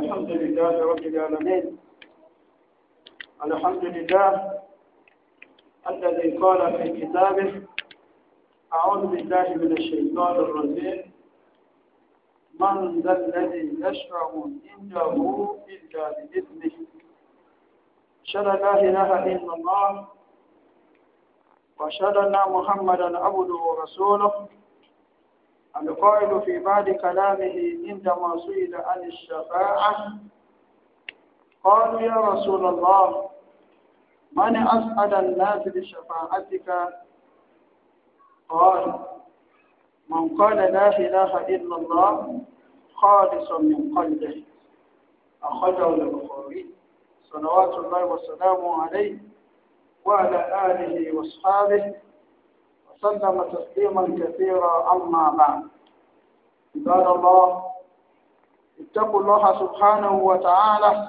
الحمد لله رب العالمين الحمد لله الذي قال في كتابه أعوذ بالله من الشيطان الرجيم من ذا الذي يشفع عنده إلا بإذنه أشهد أن لا إله إلا الله وأشهد أن محمدا عبده ورسوله القائل في بعض كلامه عندما سئل عن الشفاعة قالوا يا رسول الله من أسأل الناس بشفاعتك قال من قال لا إله إلا الله خالصا من قلبه أخذه البخاري صلوات الله وسلامه عليه وعلى آله وأصحابه وسلم تسليما كثيرا أما بعد عباد الله اتقوا الله سبحانه وتعالى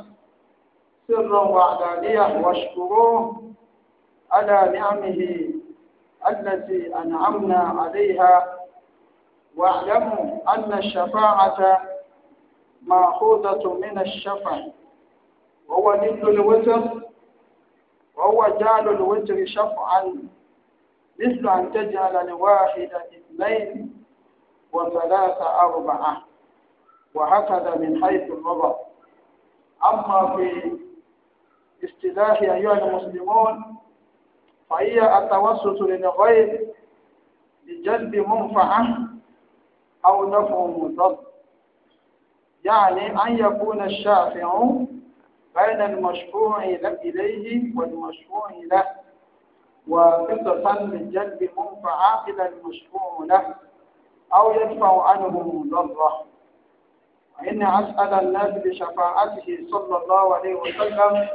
سرا وعلانية واشكروه على نعمه التي أنعمنا عليها واعلموا أن الشفاعة مأخوذة من الشفع وهو ند الوتر وهو جعل الوتر شفعا مثل أن تجعل لواحد اثنين وثلاثة أربعة وهكذا من حيث النظر أما في اصطلاح أيها المسلمون فهي التوسط للغير لجلب منفعة أو نفع مضر يعني أن يكون الشافع بين المشفوع إليه والمشفوع له وقصصا من جلبهم فعاقلا مشكور له أو يدفع عنهم ضره وإن أسأل الناس بشفاعته صلى الله عليه وسلم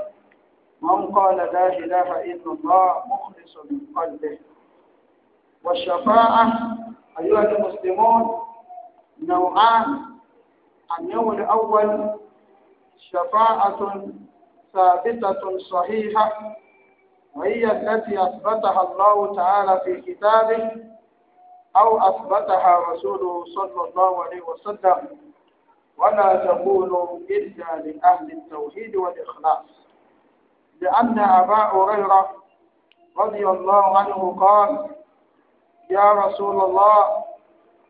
من قال لا إله إلا الله مخلص من قلبه والشفاعة أيها المسلمون نوعان النوع الأول شفاعة ثابتة صحيحة وهي التي أثبتها الله تعالى في كتابه أو أثبتها رسوله صلى الله عليه وسلم ولا تكون إلا لأهل التوحيد والإخلاص لأن أبا هريرة رضي الله عنه قال يا رسول الله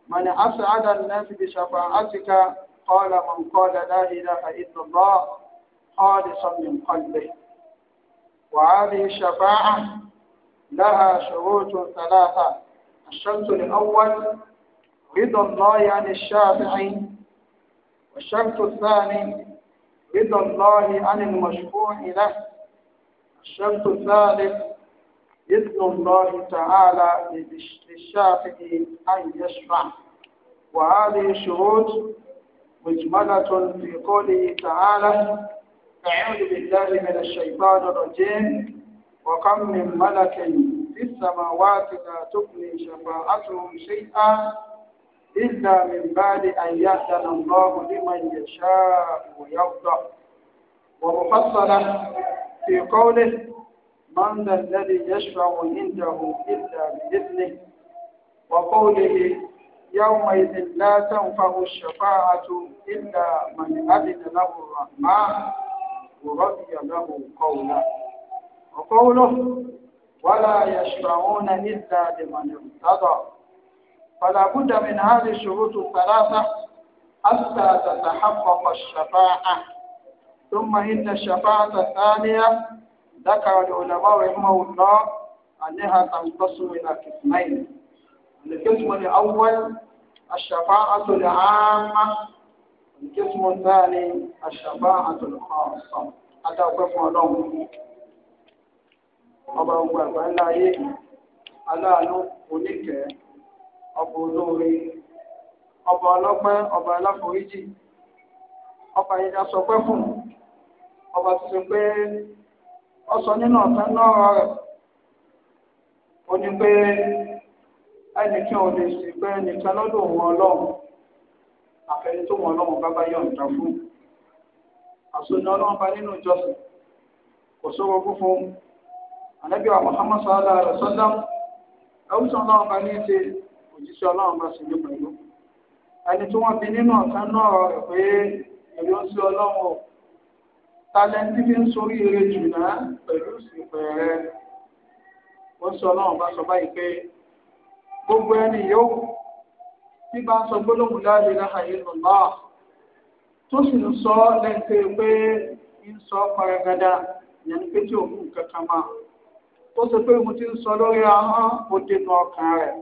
من أسعد الناس بشفاعتك قال من قال لا إله إلا الله خالصا من قلبه وهذه الشفاعة لها شروط ثلاثة الشرط الأول رضا الله عن الشافع والشرط الثاني رضا الله عن المشفوع له الشرط الثالث إذن الله تعالى للشافع أن يشفع وهذه الشروط مجملة في قوله تعالى أعوذ بالله من الشيطان الرجيم وكم من ملك في السماوات لا تغني شفاعتهم شيئا إلا من بعد أن يأذن الله لمن يشاء ويرضى ومفصلا في قوله من الذي يشفع عنده إلا بإذنه وقوله يومئذ لا تنفع الشفاعة إلا من أذن له الرحمن ورضي له قولا وقوله ولا يشفعون إلا لمن ارتضى فلا بد من هذه الشروط الثلاثة حتى تتحقق الشفاعة ثم إن الشفاعة الثانية ذكر العلماء رحمه الله أنها تنقسم إلى قسمين القسم الأول الشفاعة العامة القسم الثاني الشفاعة الخاصة أتوقف لهم ọba ọgbà àgbáńlá ayé aláàánú oníkẹ ọba olóore ọba ọlọ́pẹ́ ọba aláforíjì ọba ìdá sọpẹ́ fún ọba tuntun pé ọsọ nínú pé àfẹni tó wọn ọlọ́run bá bá yọ̀ǹda fún àsọyìn ọlọ́run bá nínú ìjọsìn kò sówó fúnfún ànábì wa Muhammad sallallahu alaihi wa sallam ẹwùsọ ọlọ́run bá ní í ṣe òjíṣẹ́ ọlọ́run bá sì ní pẹ̀lú ẹni tí wọ́n bi nínú ọ̀kan náà rẹ̀ pé èrè ń sí ọlọ́run o tálẹ́ǹtì fi ń sórí eré jù náà pẹ̀lú ìsìnkú rẹ̀ wọ́n sọ ọlọ́run bá sọ báyìí pé gbogbo ẹni yóò tí bá ń sọ gbólóhùn la ilaha illallah tó sì ń sọ lẹ́ǹkẹ́ pé ń sọ paragada ìyẹn pé tí òun kankan máa tó ṣe pé mo ti ń sọ lórí ahọ́n ó dénú ọkàn rẹ̀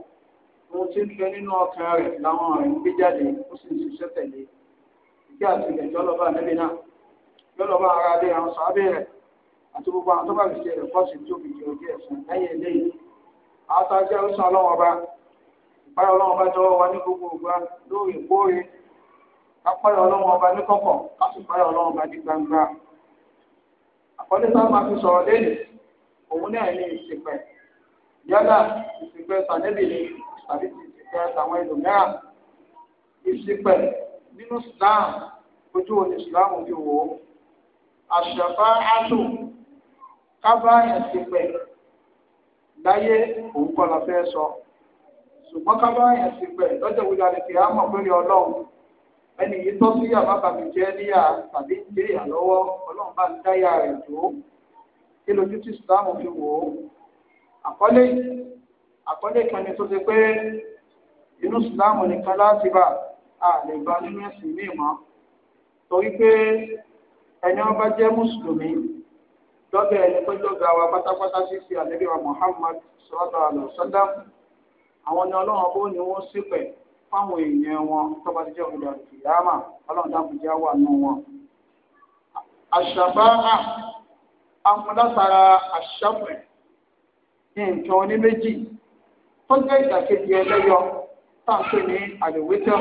mo ti ń lọ nínú ọkàn rẹ̀ láwọn ọ̀rẹ́ ń gbé jáde ó sì ń ṣiṣẹ́ tẹ̀lé ìdí àti ilẹ̀ jọlọ́ba níbi náà jọlọ́ba ara dé àwọn sàábẹ̀ rẹ̀ àti gbogbo àwọn tó bá fi ṣe rẹ̀ pọ̀ sí tó fi jẹ ojú lẹ́yìn eléyìí àwọn tó páyọ̀ ọlọ́run bá jọwọ́ wa ní gbogbo ìgbà lóòrèkóòrè ká páyọ̀ ọlọ́run ọba ní kọ̀kọ̀ ká sì páyọ̀ ọlọ́run ọba ní gbangba. àkọlé sáà máa fi sọ̀rọ̀ lẹ́nu òun náà ní ìsìnkẹ́ yálà ìsìnkẹ́ sànẹ́bì ni tàbí ti ìsìnkẹ́ àtàwọn ẹlòmíràn ìsìnkẹ́ nínú Islam ojú òní Islam fi wò ó àṣàfà àtò kábàáyà ìsìnkẹ́ láyé òun kọ́ la fẹ́ sọ. So ṣùgbọ́n ká bá yẹn ti pẹ̀ lọ́jọ́ wo la lè fi àmọ̀ péré ọlọ́run ẹni yìí tọ́ síyà má bàbí jẹ́ níyà tàbí jẹ́ ìyà lọ́wọ́ ọlọ́run bá ń dáyà rẹ̀ tó kí lójú tí sùlámù fi wò ó àkọ́lé àkọ́lé kan ni tó ṣe pé inú sùlámù nìkan láti bá a lè gba nínú ẹ̀sìn míì mọ́ torí pé ẹni wọn bá jẹ́ mùsùlùmí lọ́bẹ̀ ẹni pé lọ́gàá wa pátápátá sí ti àlẹ́bí wa Muhammad sallallahu alaihi wasallam àwọn ni ọlọ́run bó ni wọ́n ṣépè fáwọn èèyàn wọn tó bá ti jẹ́ òkúta kìyàmà ọlọ́run dákun jẹ́ wà nù wọn. àṣàbáà amúlásara àṣàpẹ̀ ní nǹkan oníméjì tó jẹ́ ìdàkejì ẹlẹ́yọ táǹpẹ̀ ní àlèwétẹ́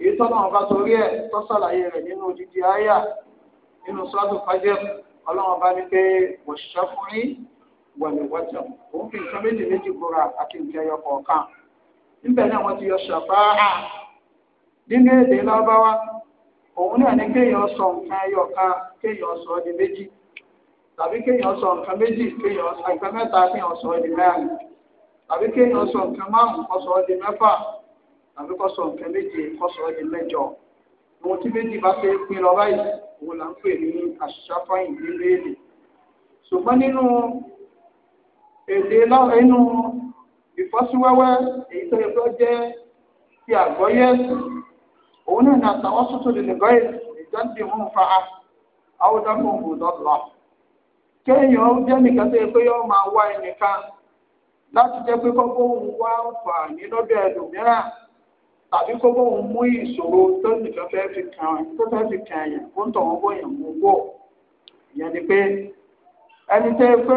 èyí tó náà bá torí ẹ̀ tó ṣàlàyé rẹ̀ nínú odidi àyà nínú sọ́dún fàjẹ́ ọlọ́run bá ní pé òṣìṣẹ́ fún yín. wẹ̀mí wẹ́tẹ̀ òun fi nǹkan méjì méjì nke àti nǹkan ẹyọ kọ̀ọ̀kan níbẹ̀ náà wọ́n ti yọ ṣàfáà nínú èdè lọ́báwá òun náà ní kéèyàn sọ nǹkan ẹyọ kan kéèyàn sọ ọ́ di meji. tàbí kéèyàn sọ nǹkan méjì kéèyàn sọ nǹkan di di Tabi èdè náà inú ìfọ́síwẹ́wẹ́ èyí tó yẹ kó jẹ́ ti àgbọ́yé òun náà ní àtàwọn sọ́tò lè lẹ́gọ́ ìjọ́ǹdì mú fa àwùjọ fún òbòdọ́lọ́ kéèyàn jẹ́ nìkan tó yẹ pé yóò máa wá ẹnìkan láti jẹ́ pé kọ́kọ́ òun wá àǹfààní lọ́dọ̀ ẹlòmíràn tàbí kọ́kọ́ òun mú ìṣòro tó nìkan fẹ́ fi kàn tó fẹ́ fi kàn yẹn kó ń tọ̀wọ́ bóyá mú wò ìyẹn ni pé ẹni tẹ́ pé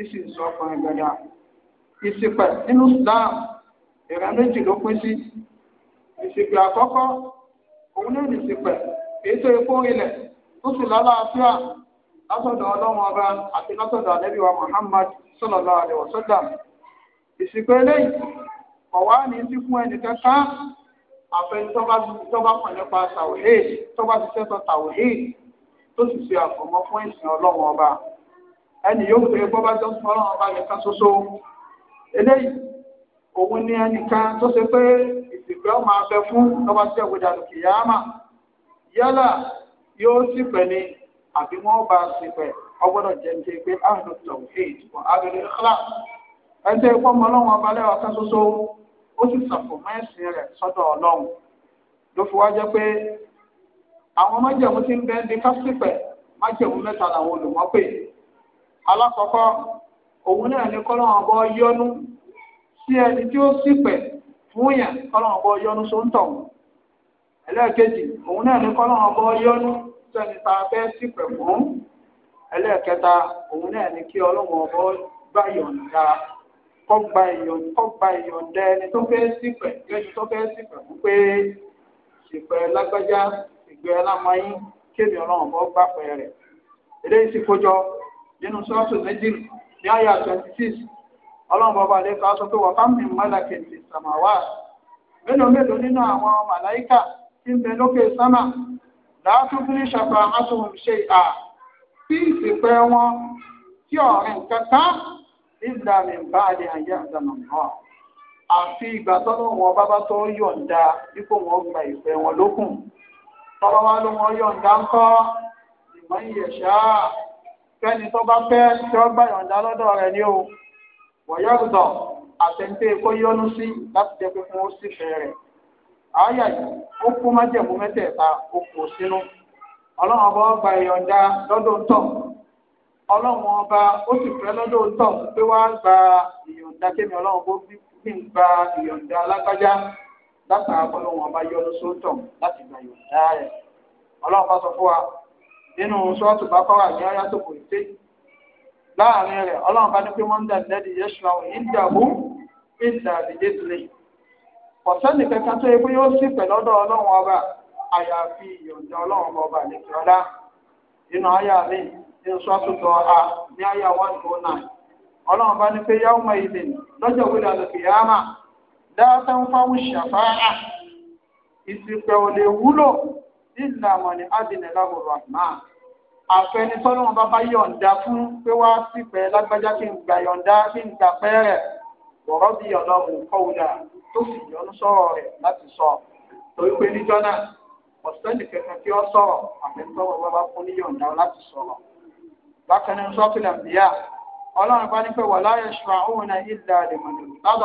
ìsì sọ ọkùnrin gbẹdà ìsìpẹ̀ nínú Islam ìran méjì ló pín sí ìsìpẹ̀ àkọ́kọ́ òun náà ní ìsìpẹ̀ èyí tó epo ilẹ̀ tó sì lálàáfíà látọ̀dọ̀ ọlọ́run ọba àti látọ̀dọ̀ àlẹ́bí wa Muhammad sallallahu alaihi wasallam ìsìnkú eléyìí ọ̀wá ní ti fún ẹnìkan ká àfẹni tó bá pọ̀ nípa tàwíhì tó bá ti sẹ́tọ̀ tàwíhì tó sì ṣe àfọ̀mọ́ fún ìsìn ọlọ́run ọba ẹni yóò pé bọ́bá jọ fún ọlọ́run ọba nìkan ṣoṣo eléyìí òun ni ẹnìkan tó ṣe pé ìsìnkú ọmọ afẹ fún lọ́wọ́ sí ẹ̀wọ̀dà lòkè yáàmà yálà yóò sì pẹ̀ ni àbí wọ́n bá sì pẹ̀ ọgbọ́dọ̀ jẹ́ ní pé àrùn tọ̀wéèdì fún abẹ́rẹ́ ìkhlá ẹ̀jẹ̀ ìpọ́ ọmọ ọlọ́run ọba lẹ́wọ̀ kan ṣoṣo ó sì sàfọ̀ mẹ́sìn rẹ̀ sọ́dọ̀ ọlọ́run ló fi wá jẹ́ pé àwọn májẹ̀mú ti ń bẹ́ẹ̀ di kásìpẹ̀ májẹ̀mú mẹ́ta làwọn olùmọ́ pè alákọ̀ọ́kọ́ òun náà ni kọ́lọ́wọ́n bọ́ yọnu sí ẹni tí ó ṣìpẹ̀ fún yàn kọ́lọ́wọ́n bọ́ yọnu só ń tọ̀hún ẹlẹ́ẹ̀kejì òun náà ni kọ́lọ́wọ́n bọ́ yọnu sẹ́ni ta a fẹ́ ṣìpẹ̀ fún ẹlẹ́ẹ̀kẹta òun náà ni kí ọlọ́wọ́n bọ́ gbà yọ̀ǹda kọ́gba ìyọ̀ǹda ẹni tó fẹ́ ṣìpẹ̀ lẹ́ni tó fẹ́ ṣìpẹ̀ fún pé ṣìpẹ̀ lágbájá ìgbẹ́ lámáyín kébì ọlọ́wọ́n bọ́ gbàpẹ́ rẹ̀ eléyìí sì kójọ nínú sọ́ọ̀tù méjì ní àyà twenty six ọlọ́run bàbá àdéka sọ pé wàkà mi mọ́lákè ti sàmàwá mélòó mélòó nínú àwọn màláìkà tí ń bẹ lókè sámà làátú fún ìṣàfà àtúnhùn ṣe à tí ìsìnkú wọn tí ọ̀rìn kankan ìdàmì bá a lè àyè àdàmà náà àfi ìgbà tọ́lọ́ wọn bábá tó yọ̀ǹda dípò wọn gba ìfẹ́ wọn lókun tọ́lọ́ wa ló wọn yọ̀ǹda ńkọ́ ìmọ̀ ìyẹ̀ṣá kẹ́ni tó bá fẹ́ tí wọ́n gbà yọ̀ǹda lọ́dọ̀ rẹ̀ ni o wọ̀yọ́rùdọ̀ àtẹ̀ǹtẹ̀ kó yọnu sí láti jẹ́ pé fún ó sì fẹ́ rẹ̀ àáyà yìí ó kú májẹ̀mú mẹ́tẹ̀ẹ̀ta ó kù sínú ọlọ́run ọba ọgbà ìyọ̀ǹda lọ́dọ̀ ńtọ̀ ọlọ́run ọba ó sì fẹ́ lọ́dọ̀ ńtọ̀ pé wá gba ìyọ̀ǹda kémi ọlọ́run bó bí ń gba ìyọ̀ǹda lágbájá látara ọba yọnu nínú sọ́ọ̀tù bá kọ́ra ní ọ̀yá tó kò ní láàrin rẹ̀ ọlọ́run bá ní pé wọ́n ń dà lẹ́dí yẹ́sùn àwọn ìdààmú ìdà ọ̀sẹ́ni kẹta tó yẹ pé yóò sì pẹ̀ lọ́dọ̀ ọlọ́run ọba àyàfi ìyọ̀ǹda ọlọ́run ọba nínú mi nínú sọ́ọ̀tù a ní àyà one oh nine ọlọ́run bá ní pé yáwó lọ́jọ́ ìlà wọn ni adìnẹ láwùrọ àmà àfẹnitọ́nù wọn bàbá yọ̀ǹda fún pé wá sí pẹ́ lágbájá kí n gbà yọ̀ǹda kí n gbà pẹ́rẹ̀ wọ̀rọ̀ bí ọlọ́run kọ́wúdà tó sì yọnu sọ̀rọ̀ rẹ̀ láti sọ torí pé níjọ́ náà ọ̀sẹ́ni kẹ̀kẹ́ kí ọ sọ̀rọ̀ àfẹnitọ́nù bàbá fún ní yọ̀ǹda láti sọ̀rọ̀ bákan ní sọ́kìlà bíyà ọlọ́run bá ní pé wà láyé ṣùgbọ́n ìlà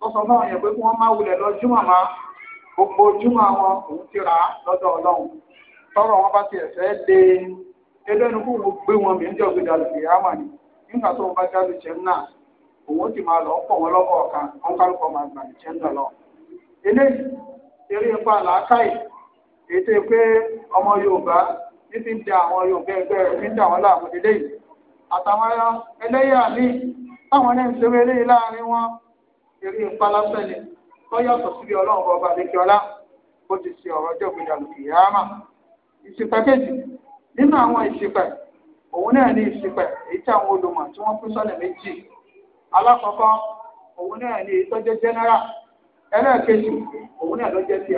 ó sọ fún pé kí wọ́n má lọ júmọ̀ má gbogbo júmọ̀ wọn òun ti rà á lọ́dọ̀ ọlọ́run tọrọ wọn bá ti ẹ̀fẹ́ lé ẹlẹ́nu kó gbé wọn mí ń jọ gbẹdà lùkì ni nígbà tó wọn bá náà òun ti máa lọ wọn wọn máa gbà eléyìí eré ipa làákàyè ètò ọmọ Yorùbá ń da àwọn Yorùbá fi Eri ńpá lásán ni tó yàtọ̀ síbi ọlọ́run bọba adékíọlá bó ti ṣe ọ̀rọ̀ ọjọ́ gbẹdà lòkè yàrá ìṣèpẹ kejì nínú àwọn ìṣèpẹ òun náà ní ìṣèpẹ èyí tí àwọn olùmọ̀ tí wọ́n pín méjì alákọ̀ọ́kọ́ ẹlẹ́ẹ̀kejì òun náà ti èyí ti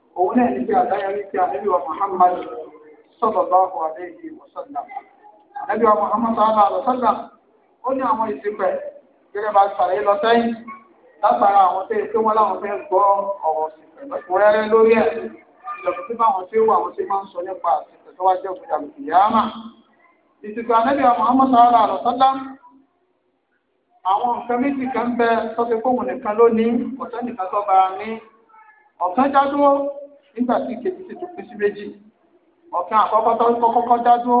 òun náà ní ti ti wa ó ní àwọn ìsìnkẹ̀ gẹ́gẹ́ bá ṣàlàyé lọ sẹ́yìn látara àwọn tó yẹ pé wọ́n láwọn fẹ́ gbọ́ ọ̀rọ̀ ìsìnkẹ̀ lọ́kùnrẹ́rẹ́ lórí ẹ̀ ìjọba tí báwọn tí ó wà wọ́n ti máa ń sọ nípa ìsìnkẹ̀ tó wá jẹ́ òkúta lùkìyàmà ìsìnkẹ̀ anábì Muhammad sallallahu alaihi wasallam àwọn nǹkan méjì kan bẹ tọ́sí fóònù nìkan lónìí ọ̀tọ́ nìkan tó bá ní ọ̀kan dádúró nígbà tí ìkejì ti tún pín sí méjì ọ̀kan àkọ́kọ́ tó kọ́kọ́ dádúró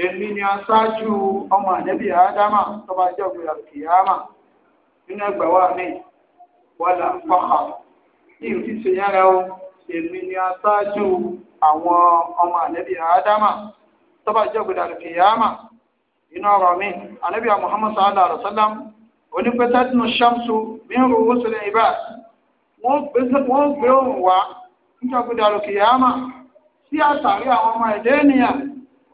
èmi ni aṣáájú ọmọ ànẹ́bí àádámà tó bá jẹ́ ògbéra kìyàmà nínú ẹgbẹ̀ wà ní wàlà pàpà ní o èmi ni aṣáájú àwọn ọmọ ànẹ́bí àádámà tó bá jẹ́ ògbéra kìyàmà nínú Muhammad sallallahu alaihi ibà wọ́n gbé òun wá sí àtàrí àwọn ọmọ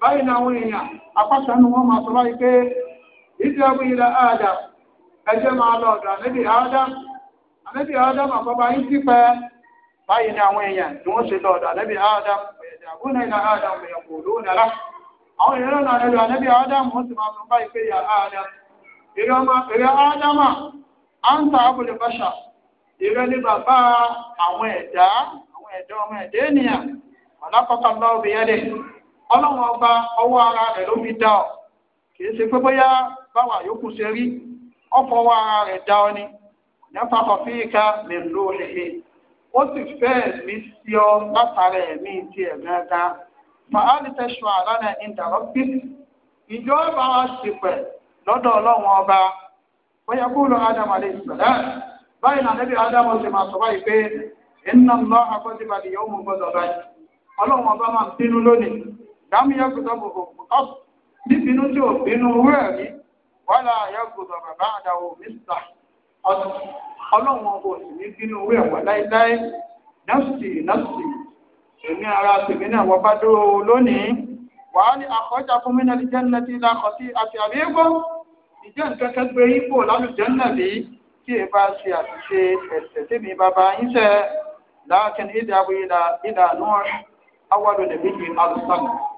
báyìí ni àwọn èèyàn apáṣánú wọn máa sọ báyìí pé ìdíyàwó ilẹ̀ adam ẹjẹ́ máa lọ ọ̀dọ̀ àmẹ́bí ọ àmẹ́bí adam àkọ́bá yín sí pẹ́ báyìí ni àwọn èèyàn ni wọ́n ṣe lọ ọ̀dọ̀ àmẹ́bí adam àwọn èèyàn àwọn ọlọ́run ọba ọwọ́ ara rẹ̀ ló fi dá ọ kìí ṣe pé bóyá báwa yòókù ṣe rí ọwọ́ ara rẹ̀ dá ọ ni nípa kọfí ìka lè lo ó sì fẹ́ mi sí ọ látara ẹ̀mí gángan fàálì àlànà ìjọ wa lọ́dọ̀ ọlọ́run ọba bóyá kó lọ ádámù alẹ́ báyìí náà níbi ádámù máa sọ báyìí pé akọ́síbalì yóò mú gbọ́dọ̀ báyìí ọlọ́run ọba máa dámú yẹ́kùtọ̀ gbogbo ọ̀pọ̀ níbinú tí ò bínú owó ẹ̀rí wàhálà yẹ́kùtọ̀ bàbá àdáwò mr ọdún ọlọ́run ọkọ̀ sì ní bínú owó ẹ̀wọ̀ láíláí nọ́ọ̀sì nọ́ọ̀sì èmi ara tèmi náà wọ́n bá dúró lónìí wàá ní àkọ́jà fún mi náà lìjẹ́ nílẹ̀ tí ilé akọ sí àti àbí gbọ́ ìjẹ́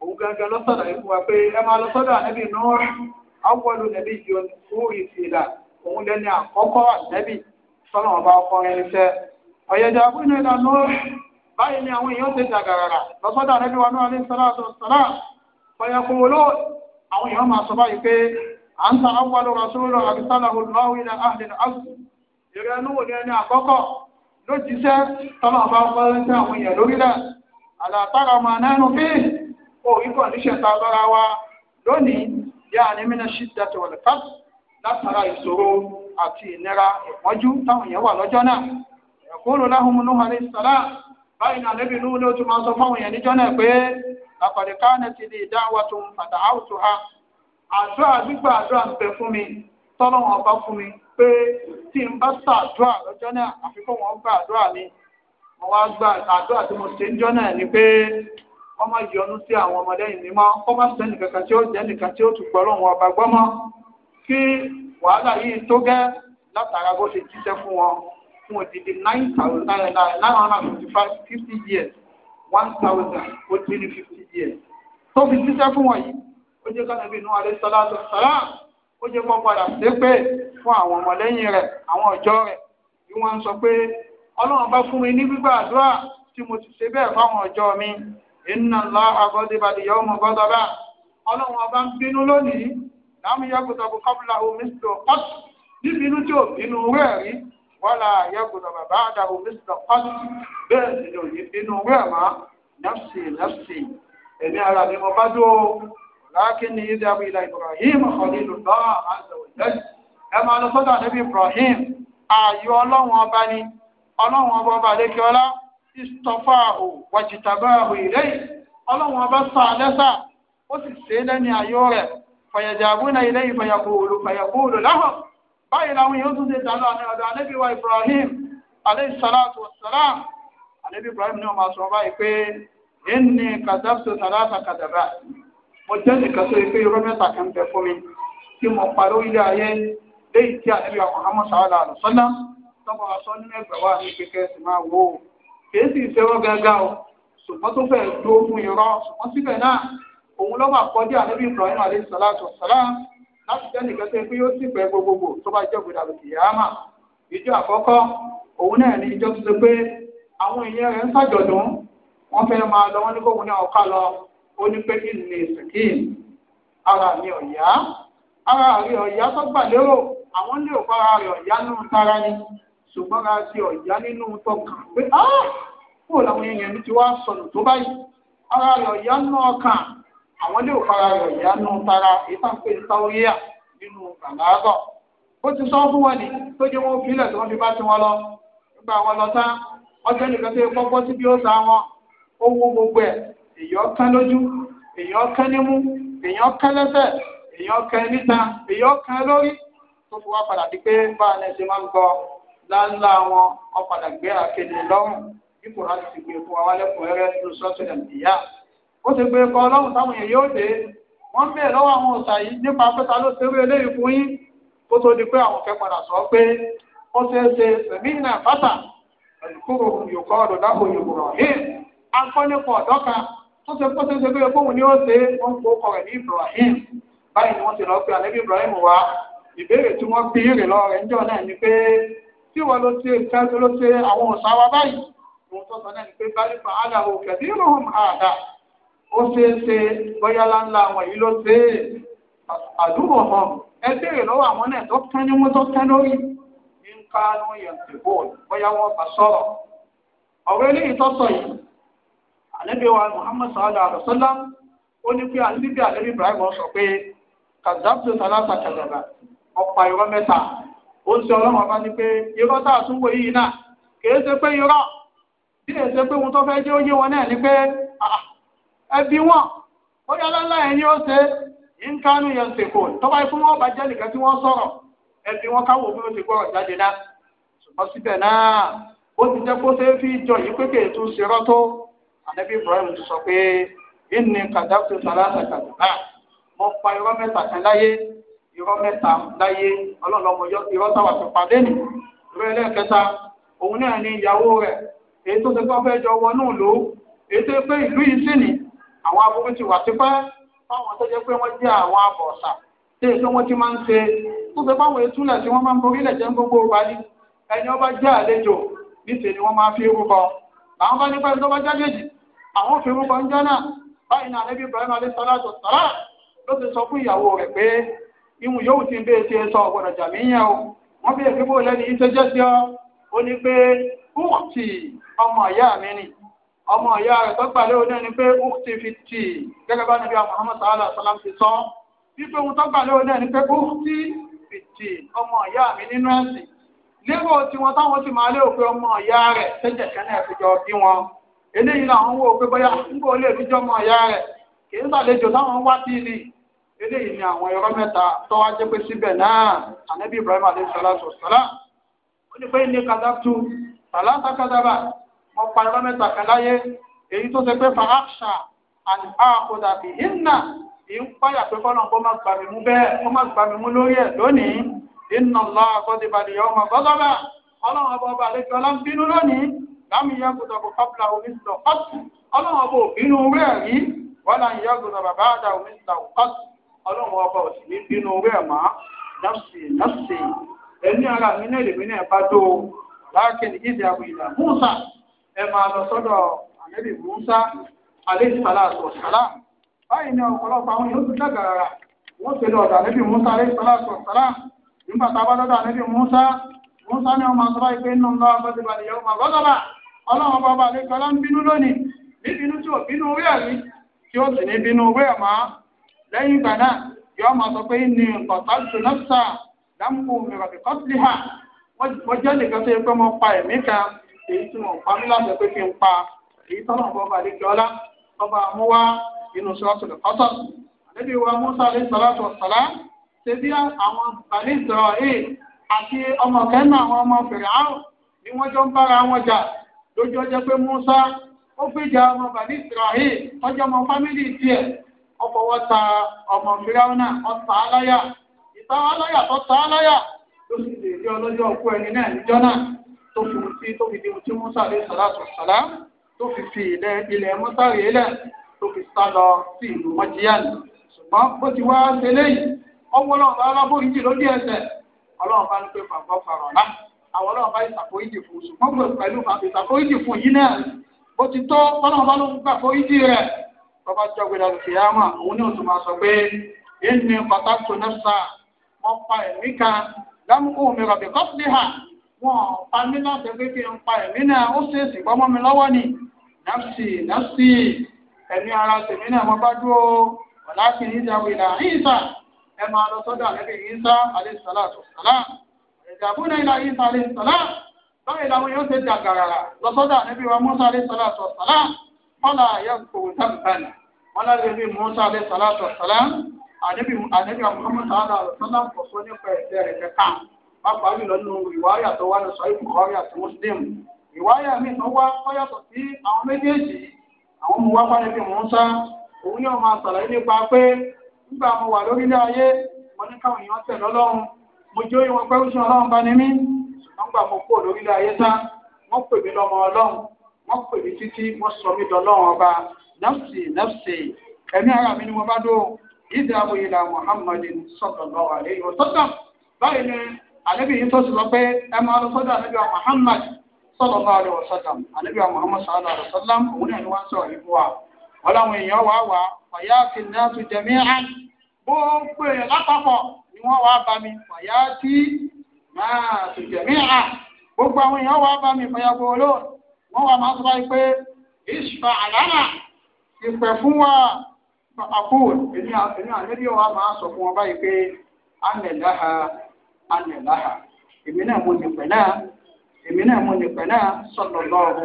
òun gangan a yìí fún wa pé ẹ máa lọ sọ́dọ̀ ànẹ́bì bi awọ́lu nẹ́bí yọ kúrì sílà òun lẹ́ni àkọ́kọ́ ànẹ́bì sọ́nà ọba ọkọrin iṣẹ́ ọ̀yẹ̀dẹ̀ àbúrò ìlà náà báyìí ni àwọn èèyàn ti dàgàràrà lọ́sọ́dọ̀ ànẹ́bì wa náà ní ọ̀yẹ̀kùn olóò àwọn èèyàn máa sọ báyìí pé à ń ta awọ́lu rasúlù àwọn èèyàn náà orí kọ̀ndíṣẹ̀ ta lọ́ra wa lónìí yá ni ya náà ṣíṣe látara ìṣòro àti ìnira ìpọ́njú táwọn èèyàn wà lọ́jọ́ náà ẹ̀kúrò láhùnmúnú alẹ́ báyìí náà lẹ́bi inú ló tún máa sọ fáwọn èèyàn níjọ́ náà pé àpàdé káàní ti di ìdáwà ha àdúrà gbígbà àdúrà ń fún mi tọ́lọ́ wọn bá fún mi pé tí n bá sàdúrà lọ́jọ́ náà àfikún wọn gbà àdúrà mi mo wá gbà àdúrà tí mo ṣe ń jọ́ náà ni pé ọmọ yọnu sí àwọn ọmọdé yìí mímọ́ ọmọ sẹ́ni kankan tí ó jẹ́ nìkan tí ó tún gbọ́ lọ́wọ́ ọba gbọ́mọ́ kí wàhálà yìí tó gẹ́ látara bó ṣe jíṣẹ́ fún wọn fún odidi nine thousand nine hundred and fifty five fifty years one thousand ó dín ní fifty years tó fi jíṣẹ́ fún wọn yìí ó jẹ́ kánàbí inú alẹ́ sọlá sọlá ó jẹ́ kó padà ṣépè fún àwọn ọmọlẹ́yìn rẹ̀ àwọn ọ̀jọ́ rẹ̀ bí wọ́n ń sọ pé ọlọ́run bá fún mi ní gbígbà àdúrà tí mo ti ṣe bẹ́ẹ̀ fáwọn ọ̀jọ́ mi iná ńlá agọ́débàdì yọ ọmọ gbọ́dọ̀ bá ọlọ́run ọba ń bínú lónìí láàmú yẹ́gùdọ̀bù kọ́bùlà omi sọ pọ́tù níbinú tí ò bínú rẹ̀ rí wọ́lá yẹ́gùdọ̀ bàbá àdá omi sọ pọ́tù bẹ́ẹ̀ sì ni òní bínú rẹ̀ mọ́ nafsi nafsi èmi ara mi mo bá dúró lákín ní ìdábù ilà Ibrahim khalilullah azza wa ẹ máa lọ sọ́dọ̀ àdébí Ibrahim ààyò ọlọ́run ọba ni ọlọ́run ọba ọba istọfáàhù ahụ ilé ọlọ́run ọba sọ àlẹ́sà ó sì ṣe é lẹ́ni àyó rẹ̀ fàyàjàbúnà ilé ìfàyàkóòlù fàyàkóòlù láhùn báyìí làwọn èèyàn tún ṣe dáná ní ọ̀dọ̀ ànábì wa ibrahim alayhi salatu wassalam ànábì ibrahim náà máa sọ báyìí pé sàlátà kàdàbà mo jẹ́ irọ́ mẹ́ta kan bẹ fún mi tí mo parí ayé tí wa muhammad sallallahu alayhi tọ́kọ̀ kìí sì ṣẹwọ́ gángan o ṣùgbọ́n tó fẹ́ lo ohun ìrọ ṣùgbọ́n síbẹ̀ náà òun ló máa kọjá ànábì Ibrahim alayhi salatu wassalam láti jẹ́ nìkan tó pé yóò sì pẹ́ gbogbogbò tó bá jẹ́ gbèdà lòkè yàrá ìjọ àkọ́kọ́ òun náà ní ìjọ tó ṣe pé àwọn èèyàn rẹ̀ ń ṣàjọ̀dún wọ́n fẹ́ máa lọ wọ́n ní kóhun náà ọ̀ka lọ ó ní pé kí ni sìkíìn ara mi ọ̀yá ara rẹ̀ ọ̀yá tó gbà lérò àwọn lè kó ara rẹ̀ ọ̀yá nínú tara ni ṣùgbọ́n ra ṣe ọ̀yá nínú tọkàn pé kó làwọn èèyàn mi ti wá sọnù tó báyìí ara rẹ̀ ọ̀yá nù ọkàn àwọn ilé òkara rẹ̀ ọ̀yá nù tara èyí tá à ń pè ní táwíyà nínú bàlágọ̀ ó ti sọ fún wọn ní tó jẹ́ wọn òfin ilẹ̀ tí wọ́n fi bá ti wọn lọ nígbà wọn lọ tán ọjọ́ nìkan tó yẹ kọ́kọ́ síbi ó sa wọn ó wú gbogbo ẹ̀ èèyàn kán lójú èèyàn kán nímú èèyàn kán lẹ́sẹ̀ èèyàn kán níta èèyàn kán lórí tó fi wá padà di pé báà ní ṣe máa ń gbọ́ láńlá wọn ọ̀padà gbé akéde lọ́rùn bí kò láti ti gbé fún wa wálé fún ẹrẹ́ tó sọ́tún ẹ̀mìyá. ó ti gbé kọ́ ọlọ́run táwọn èèyàn yóò dé wọ́n ń bèèrè lọ́wọ́ àwọn ọ̀sà yìí nípa pé ta ló ṣerú eléyìí fún yín kó tó di pé àwọn fẹ́ padà sọ pé ó ṣeé ṣe pẹ̀mí ìnà fátà ẹ̀dùkúrò yòókọ́ ọ̀dọ̀ dábò yòókùrọ̀ yìí akọ́nípọ̀ ọ̀dọ́ kan tó ṣe kó ṣe ṣe Ibrahim báyìí ni wọ́n ti lọ pé àlẹ́bí Ibrahim wá ìbéèrè tí wọ́n bí rè lọ rẹ̀ ń jọ náà ni pé tí wọ́n ló ṣe nǹkan tó ló ṣe àwọn ọ̀sà wa báyìí òun tó sọ náà ni pé bálífà aláwọ̀ kẹ̀dí rọ̀hún àdá ó ṣe é ṣe bóyá láńlá àwọn yìí é àdúgbò hàn ẹ béèrè lọ́wọ́ àwọn náà tó kán ní wọ́n tó kán lórí ní ń ká ní yẹn ti bò bóyá wọ́n bá sọ̀rọ̀ ọ̀rọ̀ Muhammad sallallahu alaihi wa sallam ó ní pé àlébí àlébí Ibrahim sọ pé kazabtu salasa kazaba ọ̀pá ó ń sọ ọlọ́wọ́n bá ní pé irọ́ tá a tún wọ yìí náà kì í ṣe pé irọ́ bí èyí ṣe pé ohun tó fẹ́ jẹ́ ó yé wọn náà ni pé ẹbí wọn ó yẹ lọ́lá ẹ̀ ó ṣe ń kánú yẹn ṣe kò wọn bá jẹ́ nìkan tí wọ́n sọ̀rọ̀ ẹbí wọn ti gbọ́rọ̀ jáde náà ṣùgbọ́n síbẹ̀ náà ó irọ́ mẹ́ta láyé ọlọ́lọ́mọ irọ́ táwa fi pàdé nì irọ́ ẹlẹ́ẹ̀kẹta òun náà ni ìyàwó rẹ̀ èyí tó ti gbọ́ fẹ́ jọ wọnú ìlú èyí tó pé ìlú yìí sì ni àwọn aburú ti wà tipẹ́ fáwọn tó jẹ́ pé wọ́n jẹ́ àwọn abọ̀ọ̀sà tí èso wọn ti máa ń ṣe tó ṣe fáwọn ètúlẹ̀ tí wọ́n máa ń borí lẹ̀jẹ̀ gbogbo ọba ní ẹni ọba jẹ́ àlejò níṣẹ́ ni wọ́n máa fi rúbọ àwọn bá nípa ẹni tó bá jájèjì àwọn ò fi rúbọ ń jẹ́ náà báyìí náà níbi Ibrahim alẹ́ sọ́lá tó sọ́lá ló ti sọ fún ìyàwó rẹ̀ pé ìwùn yóò ti ń bẹ́ẹ̀ ṣe sọ ọ̀gbọ̀nà jàmíyàn o wọ́n bí èké bó lẹ́ni yìí ṣẹjọ́ sí ọ ó ní pé ukti ọmọ ìyá mi ni ọmọ ìyá rẹ̀ tó gbà lérò náà ni pé ukti fi tì gẹ́gẹ́ bá níbi àwọn Muhammad sallallahu alaihi wasallam ti sọ wípé ohun tó gbà lérò náà ni pé ukti fi tì ọmọ ìyá mi nínú ẹ̀sìn lérò tiwọn táwọn ti máa lérò pé ọmọ ìyá rẹ̀ ṣẹ̀jẹ̀ kẹ́nà ẹ̀ bí wọn eléyìí làwọn wò pé bóyá ń bò lè fi jọmọ ìyá rẹ̀ kì í sàlejò táwọn wá sí ni eléyìí ni àwọn ẹ̀rọ mẹ́ta tó wá jẹ́ pé síbẹ̀ náà ànábì Ibrahim aleyhisselatu wassalam ó ní pé ní kadàtú tàlátà kadàbà mo pa ẹ̀rọ mẹ́ta kan láyé èyí tó ṣe pé fàáṣà àti àkọdà fi hínà èyí ń páyà pé kọ́nà kó má gbàmì mú bẹ́ẹ̀ kó má gbàmì mú lórí ẹ̀ lónìí iná lọ àkọ́dìbàdì yọ ọmọ gbọ́dọ̀bà ọlọ́run ọba ọba àlejò ọlọ́mbínú lónìí láàmì yàgùdọ̀ kò kábùlà omi sọ ọtù ọlọ́run ọba òbínú rẹ̀ rí wọ́n là ń yàgùdọ̀ bàbá àdà omi sọ ọtù ọlọ́run ọba òsì ní bínú mọ́ ẹni ara mi náà lèmi náà bá tó láàkín ìdí àwọn ìlà ẹ máa Musa báyìí ni ọ̀pọ̀lọpọ̀ àwọn yóò ti dàgàrà wọ́n ti lọ àlẹ́bí Musa alayhi salatu wa salam nígbà tá a bá lọ́dọ̀ àlẹ́bí Musa Musa ni ọmọ àtọ́lá ìpé ń lẹ́yìn ìgbà náà yọ máa sọ pé ní nǹkan tó ṣe náà sà láǹkù mìíràn kò sí hà wọ́n jẹ́ nìkan tó yẹ pé wọ́n pa ẹ̀mí kan èyí tí wọ́n pa mí láti pé kí n pa èyí tọ́nà bọ́ba àdéjọ́lá bọ́ba àmúwá inú sọ́ọ̀tún lọ́tọ̀. àdébí wa musa alayhi salatu wa salam ṣe bí àwọn bàlẹ́ ìsọ̀rọ̀ yìí àti ọmọ kẹ́nu àwọn ọmọ fèrè áwọ̀ ni wọ́n jọ ń bára wọn jà lójú ọjọ́ pé musa ó fìjà ọmọ bàlẹ́ ìsọ̀rọ̀ yìí ọjọ́ ọmọ fámìlì tiẹ̀ ọfọwọ́ ọmọ fíráúnà ọta aláyà ìta aláyà tó alaya aláyà sì lè rí ọlọ́jọ́ òkú ẹni náà níjọ́ náà tó fi mú sí tó fi di tí musa lè sàlátù tó fi fi ilẹ̀ ilẹ̀ musa lẹ̀ tó fi sá lọ sí ìlú mọ́jíyàn ṣùgbọ́n bó ti wá ṣe léyìí náà bá ẹsẹ̀ ọlọ́run bá àwọn ọlọ́run bá fún ṣùgbọ́n pẹ̀lú fún yìí ti tọ́ ọlọ́run bá ló ń tọ́ba jọ́gbé dàbí kìyàmà òun ní òtún máa sọ pé ìní pàtàkì nẹ́sà wọ́n pa ẹ̀mí kan lámùkù mi rọ̀bì kọ́sìlì hà wọ́n pa mí láti pé kí n pa ẹ̀mí náà ó ṣe èsì gbọ́mọ́ mi lọ́wọ́ ni nafsi nafsi ẹ̀mí ara tèmi náà wọ́n bá dúró ọ̀làkì ní ìjàwé ìlà ìsà ẹ máa lọ sọ́dọ̀ àlẹ́bí ìsà alayhi salatu wassalam fọlá yẹnfò dábàlì wọn láti rí musa alẹ sàlátọ sàlám àdébí àdébí àmúhámà sàlá sàlám kò sọ nípa ẹsẹ rẹ kẹta wọn pàbí lọnà ìwáyà tó wà ní sọ ìkọ ọyà tó muslim ìwáyà mi tó wá ọyàtọ̀ sí àwọn méjèèjì àwọn mu wá fàdébí musa òun yóò máa sàlàyé nípa pé nígbà mo wà lórílẹ̀ ayé mo ní káwọn èèyàn tẹ̀ lọ́lọ́run mo jó ìwọ̀n pẹ́rú sí ọlọ́run bá ní mí ṣùgbọ́n gbà mo kú lórílẹ̀ ayé tán wọ́n pè mí lọ́mọ ọlọ́run wọ́n pè mí títí wọ́n sọ mí ọba nafsi nafsi ẹ̀mí ara mi ni mo bá dó muhammadin sallallahu alaihi wasallam báyìí ni àlébí yìí tó ti sọ pé ẹ máa lọ sọ́dọ̀ àlébí wa muhammad sallallahu alaihi wọ́n wa gbogbo àwọn èèyàn wà bá mi wọ́n wà máa sọ pé ìṣfà àlànà ìpẹ̀ fún wa àkóòl èyí àlẹ́bí wa máa sọ fún wọn báyìí pé anẹ̀láha anẹ̀láha èmi náà mo nìpẹ̀ náà èmi náà mo nìpẹ̀ náà sallallahu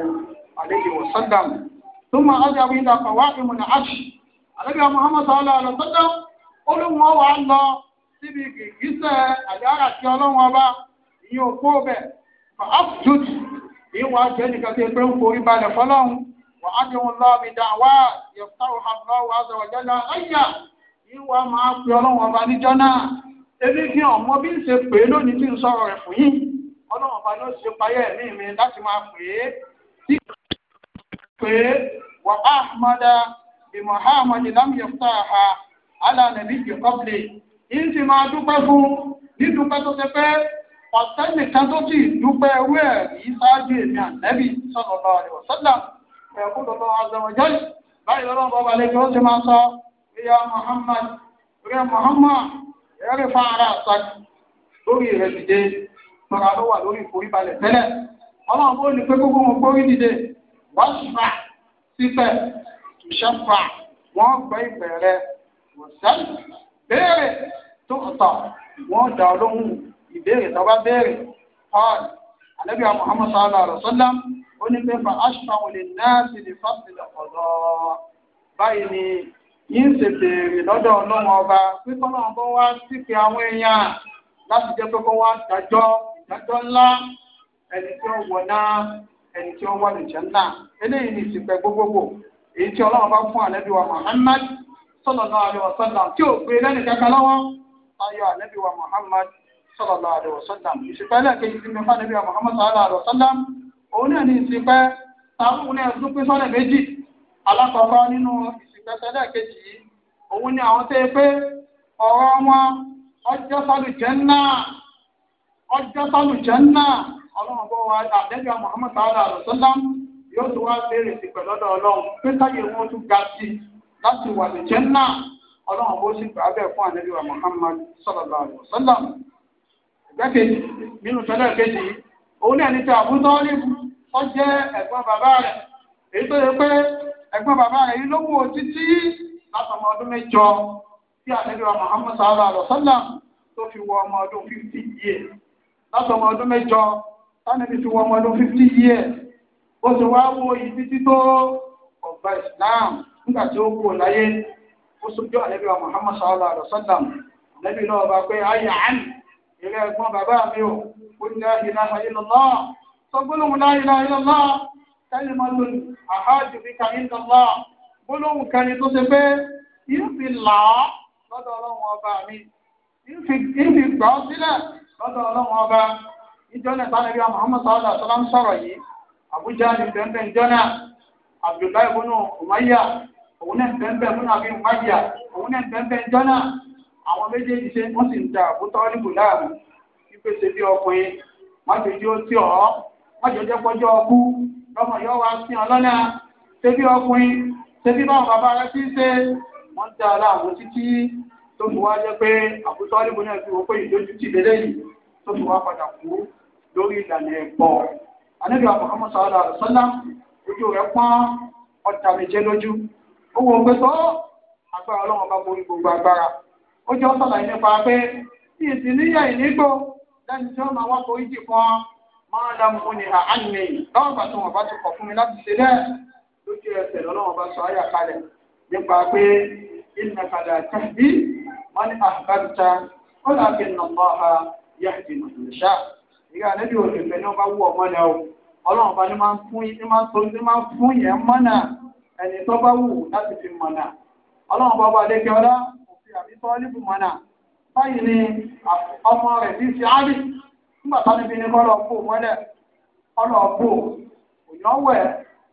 alayhi wa sallam tó máa ọjà bí ìdàpọ̀ wá ìmùnà àṣì Muhammad sallallahu alayhi wa sallam olóhùn ọwà ń lọ síbi gìgísẹ̀ àdára tí ọlọ́run ọba ìyẹn òkú ọbẹ̀ fà ìwà jẹ́ nìkan tí ẹgbẹ́ ń forí balẹ̀ fọlọ́run wà á dé wọn lọ́ọ́ bí dáwà yẹ̀fọ́ àbúrò àzọ̀ ọ̀jọ́lá ayà ìwà máa pe ọlọ́run ọba níjọ́ náà èmi fi hàn mọ́ bí ń ṣe pè é lónìí tí ń sọ̀rọ̀ rẹ̀ fún yín ọlọ́run ọba ló ṣe payẹ́ ẹ̀mí mi dúpẹ́ tó ṣe ọ̀sẹ́nìkan tó ti dúpẹ́ ẹrú ẹ̀ rí ṣáájú èmi ànẹ́bì sallallahu alaihi wasallam ẹ̀kú lọ́lọ́ azẹ́wọ̀jọ́lì báyìí lọ́lọ́ bọ́ balẹ̀ kí Muhammad rẹ Muhammad ẹ̀rẹ́ fún ara àṣàkì lórí rẹ̀ dìde tọ́ra ló wà lórí ìforíbalẹ̀ tẹ́lẹ̀ ọlọ́run ó ní pé gbogbo wọn gbórí dìde wàṣùfà sípẹ̀ ìṣẹ́fà wọ́n gbọ́ ìbẹ̀rẹ̀ wọ̀ṣẹ́ béèrè tó wọ́n dà ọlọ́run ìbéèrè tọba bá béèrè paul alẹ́bíà muhammad sallallahu alayhi wa sallam ó ní pé fa ashfaw lin nas li fasl al-qada báyìí ni yín ṣe ọba pé kọ́nà wá àwọn èèyàn láti jẹ́ pé wá dájọ́ ìdájọ́ ńlá ẹni tí ó wọ̀ náà ẹni tí ó wà ńlá eléyìí ni ìsìnkẹ́ gbogbogbò èyí tí ọlọ́run bá fún wa sọlọ́lá àdéhùn sọ́dàm ìṣùpẹ́ lẹ́ẹ̀kejì sí mẹ́fà níbi Muhammad sọ́lá àdéhùn sọ́dàm òun náà ní ni àwọn tẹ́ pé ọ̀rọ̀ wọn ọjọ́ sálùjẹ́ ọjọ́ sálùjẹ́ ọlọ́run bọ́ wa àdẹ́bí Muhammad sọ́lá àdéhùn sọ́dàm yóò tún wá béèrè sí pẹ̀lọ́dọ̀ ọlọ́run pé táyé wọn tún ga sí láti wà ọlọ́run bó sì gbà bẹ́ẹ̀ fún àdéhùn ìgbákejì nínú sọ́dọ̀ kejì yìí òun ní ti àbútọ́ jẹ́ ẹ̀gbọ́n bàbá rẹ̀ èyí tó yẹ pé ẹ̀gbọ́n bàbá rẹ̀ yìí ló wò títí látọmọ ọdún mẹ́jọ tí àtẹ́bí wa Muhammad sallallahu tó fi wọ ọmọ ọdún fifty látọmọ ọdún mẹ́jọ fi wọ ọmọ ọdún ó wá ilé ẹ̀gbọ́n bàbá mi ò ó ní láìláha illallah sọ gbólóhùn láìláha illallah tẹ́lẹ̀ mọ́ lónìí àhájú bí ká illallah gbólóhùn kẹrin tó ṣe pé yíò fi là á lọ́dọ̀ ọlọ́run ọba mi yíò fi gbà ọ́ sílẹ̀ lọ́dọ̀ ọlọ́run ọba ìjọ́nà ìbánibí wa Muhammad sallallahu alaihi wasallam ń sọ̀rọ̀ yìí Abuja ní bẹ́ẹ̀ ìjọ́nà Abdullahi ibùnú Umayya òun náà bẹ́ẹ̀ bẹ́ẹ̀ fún àbí Umayya òun náà bẹ́ẹ̀ bẹ́ẹ̀ ìjọ́nà àwọn méjèèjì ṣe wọ́n sì ń da àbútọ́ níbù láàmú ìpèsè bí ọkùnrin májèjì ó tí ọ̀ọ́ májèjì pọ́jọ́ ọkú lọ́mọ yóò wá sí ọ lọ́nà ṣebí ọkùnrin ṣebí báwọn bàbá rẹ ti ń ṣe wọ́n da aláàmú títí tó fi wá jẹ́ pé àbútọ́ níbù náà fi wọ́n pé ìdójú lélẹ́ yìí tó fi wá padà kú lórí ìlànà ẹ̀pọ̀ àníbi àmọ̀kọ́mọ́ sọ̀rọ̀ àlùsọ́lá ojú rẹ̀ pọ́n ọ̀tàmìjẹ́ ó wọ pé tó ọlọ́run bá borí gbogbo agbára ó jẹ́ sọ̀làyé nípa pé tí èsì níyà ìnígbò lẹ́nu tí ó ọ wá kó ìjì kan máa lámú ní àánì lọ́ọ̀bà tó wọ́n bá fún mi sọ nípa pé ó nà mọ́ ha yá ti ìyá òṣèlú wú ọmọ náà o ọlọ́run bá máa ń fún máa ń tó máa ń fún yẹn mọ́nà ẹni tó bá àbí tọ́líbù mọ́nà báyìí ni ọmọ rẹ̀ bí ti áàrí nígbà níbi ní kọ́lọ̀ mọ́lẹ̀ kọ́lọ̀ bò òyìn ọ̀wẹ̀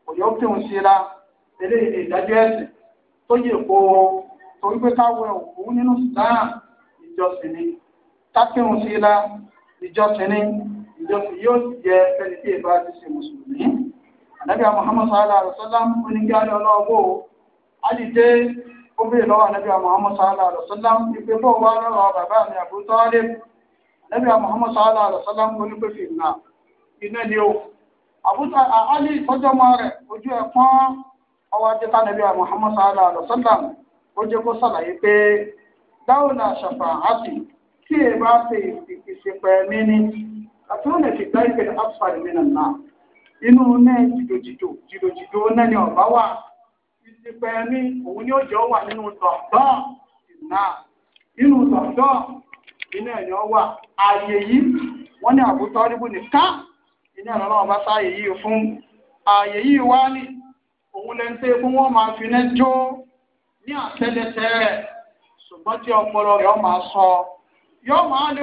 òyìn la eléyìí ni ìdájọ́ ẹ̀sìn tó yẹ kó torí pé káwé òkú nínú ìjọsìn ni ìjọsìn ni ìjọsìn yóò sì jẹ tí ti ṣe mùsùlùmí wa sallam ó bèèrè lọ́wọ́ anábíà muhammad sallallahu alaihi wasallam ìpè bó wá lọ́rọ̀ bàbá mi àbú tọ́lé anábíà muhammad sallallahu alaihi wasallam ó ní pé fi nà iná ni ó àbúta àálì ìtọ́jọ́mọ rẹ̀ ojú ẹ̀ pọ́n ọwọ́ ajé tánàbíà muhammad sallallahu alaihi wasallam ó jẹ́ kó sàlàyé pé dáhùn náà ṣàfà àti tí èyí bá ṣe ìṣèpẹ̀ mí ni àti lè fi dá ìpè àfàlì mi nà inú náà jìdòjìdò jìdòjìdò náà ni ọ̀bá wà ìsìnkú ẹni òun ni ó jẹ́ wà nínú tọ̀tọ̀n náà nínú tọ̀tọ̀n iná ẹ̀yọ́ wà ààyè yìí wọ́n ní àbútọ́ ríbù nìkan iná ẹ̀rọ náà bá sáàyè yìí fún ààyè yìí wá ní òun lẹ́nu tó fún wọn máa fi iná jó ní àtẹ́lẹsẹ̀ rẹ̀ ṣùgbọ́n tí ọpọlọ máa sọ máa lé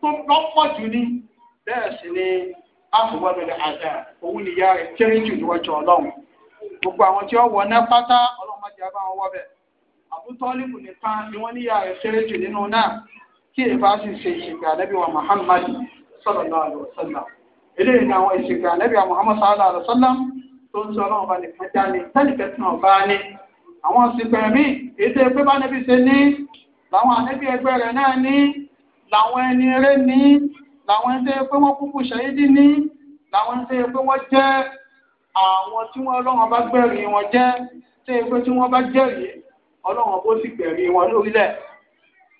tó lọ́pọ̀ jù ní bẹ́ẹ̀ sì ni àdá òun kéré jù níwájú ọlọ́run gbogbo àwọn tí ó wọ ná pátá ọlọ́run má jẹ́ bá wọn wọ́ bẹ̀ àbútọ́líbù nìkan ni wọ́n níyà rẹ̀ kéré jù nínú náà kí èèfà sì ṣe ìṣègbè ànábì wa Muhammad sallallahu alaihi wasallam eléyìí ni àwọn ìṣègbè ànábì wa Muhammad sallallahu alaihi wasallam tó ń sọ ọlọ́run bá nìkan já ni tẹ́lifẹ̀ tí wọ́n bá ní àwọn ìṣègbè míì ètò ẹgbẹ́ bá nẹ́bí ṣe ní làwọn ànábì ẹgbẹ́ rẹ̀ náà ní làwọn ẹni eré ní làwọn ẹni tó yẹ pé kúkú ṣàyídí ní làwọn ẹni tó yẹ pé wọ́n àwọn tí wọ́n ọlọ́wọ́n bá gbẹ̀rí wọn jẹ́ tí egbé tí wọ́n bá jẹ́rìí ọlọ́wọ́n bó sì gbẹ̀rí wọn lórílẹ̀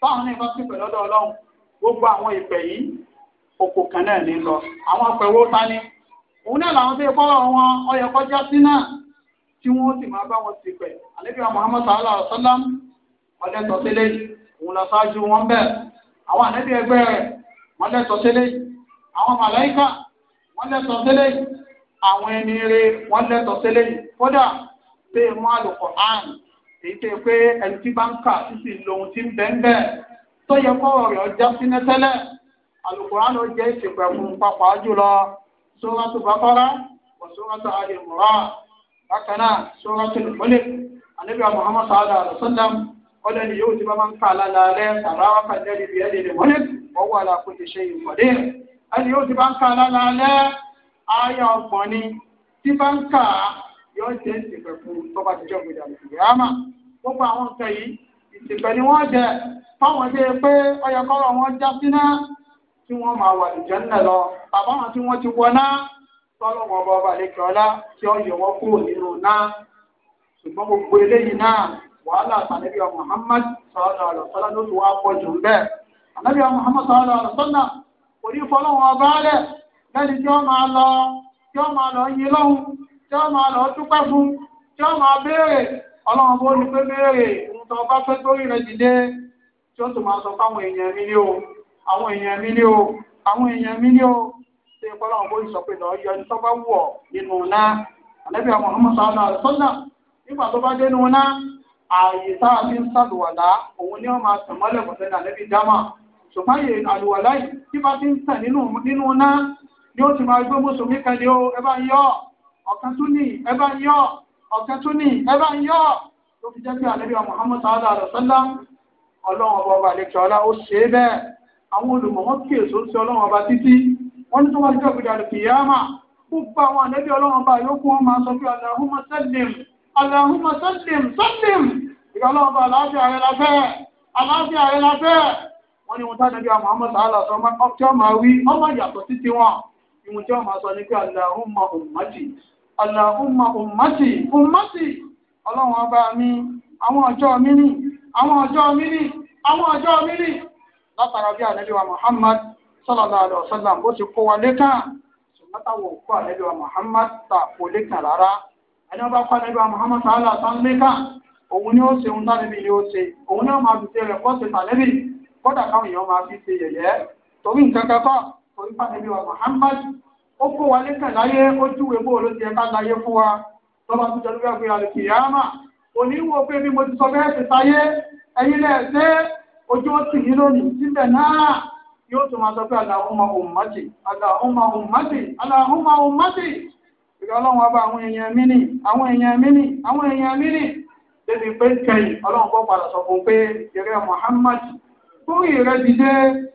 táwọn náà bá sì pẹ̀ lọ́dọ̀ ọlọ́run gbogbo àwọn ìpè yìí oko kan náà ní lọ àwọn pẹ̀wó tání òun náà làwọn tó yẹ kọ́rọ̀ wọn ọyẹ kọjá sí náà tí wọ́n sì máa bá wọn sì pẹ̀ àlébí wa Muhammad sallallahu alaihi wa sallam ọdẹ tọ́sílẹ̀ òun lọ ṣáájú wọn bẹ́ẹ̀ àwọn àlébí ẹgbẹ́ rẹ̀ wọ́n lẹ́tọ̀ọ́sílẹ̀ àwọn màláìkà wọ́n lẹ́tọ̀ọ́sílẹ̀ àwọn ẹni rẹ wọ́n lẹ́tọ̀ọ́ sílẹ̀ yìí kódà pé mú àlùkò àn èyí tẹ pé ẹni tí bá ń kà sísì lòun ti ń bẹ́ńbẹ́ tó yẹ kọ́ ọ̀rẹ́ ọjà sínú tẹ́lẹ̀ àlùkò àn ló jẹ́ ìṣègbè fún pápá jùlọ sóràtú bàkọ́rá wà sóràtú àlè mùrà bákan náà sóràtú lùmọ́lẹ̀ àníbíà muhammad sallallahu alayhi wa sallam ọlẹ́ ni yóò ti bá máa ń kà lálẹ́ tàbáwá kàdé ẹni bí ayọ̀ ọgbọ̀n ni tí bá ń kà á yọ jẹ́ fún tọ́ba jíjọ́ gbogbo àwọn nǹkan yìí ni wọ́n jẹ fáwọn ilé pé wọn já síná tí wọ́n máa wà lùjẹ́ ńlẹ̀ lọ bàbá wọn tí wọ́n ti wọná tọ́lọ́ wọn bọ ọba àlekè ọlá tí ó yọ wọn kúrò nínú náà ṣùgbọ́n gbogbo eléyìí náà wàhálà àtàlẹ́bí ọmọ Muhammad sọ̀rọ̀ àlọ́sọ́lá ló ti wá pọ̀ jù ń bẹ́ẹ̀ àlẹ́bí ọmọ Muhammad ọba rẹ̀ lẹ́ni tí wọ́n máa lọ tí wọ́n máa lọ yin lọ́hùn tí wọ́n máa lọ dúpẹ́ fún tí wọ́n máa béèrè ọlọ́run bó ní pé béèrè nǹkan ọba pé torí rẹ dìde tí ó tún máa sọ fáwọn èèyàn mi ní o àwọn èèyàn mi ní o àwọn èèyàn mi ní o ṣe ìpọ́lọ́run bó sọ pé lọ́ọ́ yọ tó bá wù ọ́ nínú náà àlẹ́bí àwọn ọmọ sáwọn sọ́nà nígbà tó bá dé nínú náà ààyè tá a fi ń sàlùwàlá òun ni wọ́n máa tàn mọ́lẹ̀ kọ̀ọ̀tẹ́ ní àlẹ́bí dámà ṣùgbọ́n àlùwàlá yìí tí bá ti ń tàn nínú náà ni ó ti máa gbé mùsùlùmí kan ní o ẹbá ń yọ ọ̀kan tún ní ẹbá ń yọ ọ̀kan tún ní ẹbá ń yọ tó fi jẹ́ pé àlẹ́bíà Muhammad sallallahu alaihi wasallam ọlọ́run ọba ọba àlekè ọlá ó ṣe é bẹ́ẹ̀ àwọn olùmọ̀ wọn kì èso sí ọlọ́run ọba títí wọ́n ní tó wá jẹ́ òkúta àlùkìyàmà gbogbo àwọn àlẹ́bí ọlọ́run ọba yòókù wọn máa sọ pé Allahumma sallim Allahumma sallim ọmọ yàtọ̀ títí wọn ìmú tí wọ́n máa sọ ní pé Allahumma ummati Allahumma ummati ummati ọlọ́run ọba mi àwọn ọjọ́ mi ní àwọn ọjọ́ mi ní àwọn ọjọ́ mi ní látara bí ànábì wa Muhammad sallallahu alaihi wasallam bó ti kó wa lékàn ṣùgbọ́n táwọn òkú ànábì wa Muhammad ta kó lékàn rárá ẹni wọ́n bá kọ́ ànábì wa Muhammad sàálà tán lékàn òun torípa níbi wa Muhammad ó kó wa lẹ́kàn láyé ó júwe bó ló ti ẹ̀ka láyé fún wa lọ́ba tó jẹ́lú bẹ́ẹ̀ fúyà lókè yáàmà òní wo pé bí mo ti sọ bẹ́ẹ̀ sáyé ẹ̀yin lẹ̀ ṣe ojú ó sì yín lónìí síbẹ̀ náà yóò tún máa sọ pé Allahumma ummati Allahumma ìgbà ọlọ́run wa bá àwọn èèyàn nì àwọn èèyàn nì àwọn èèyàn nì débi pé kẹyìn ọlọ́run kọ́ padà sọ fún pé ìrẹ́ Muhammad fún ìrẹ́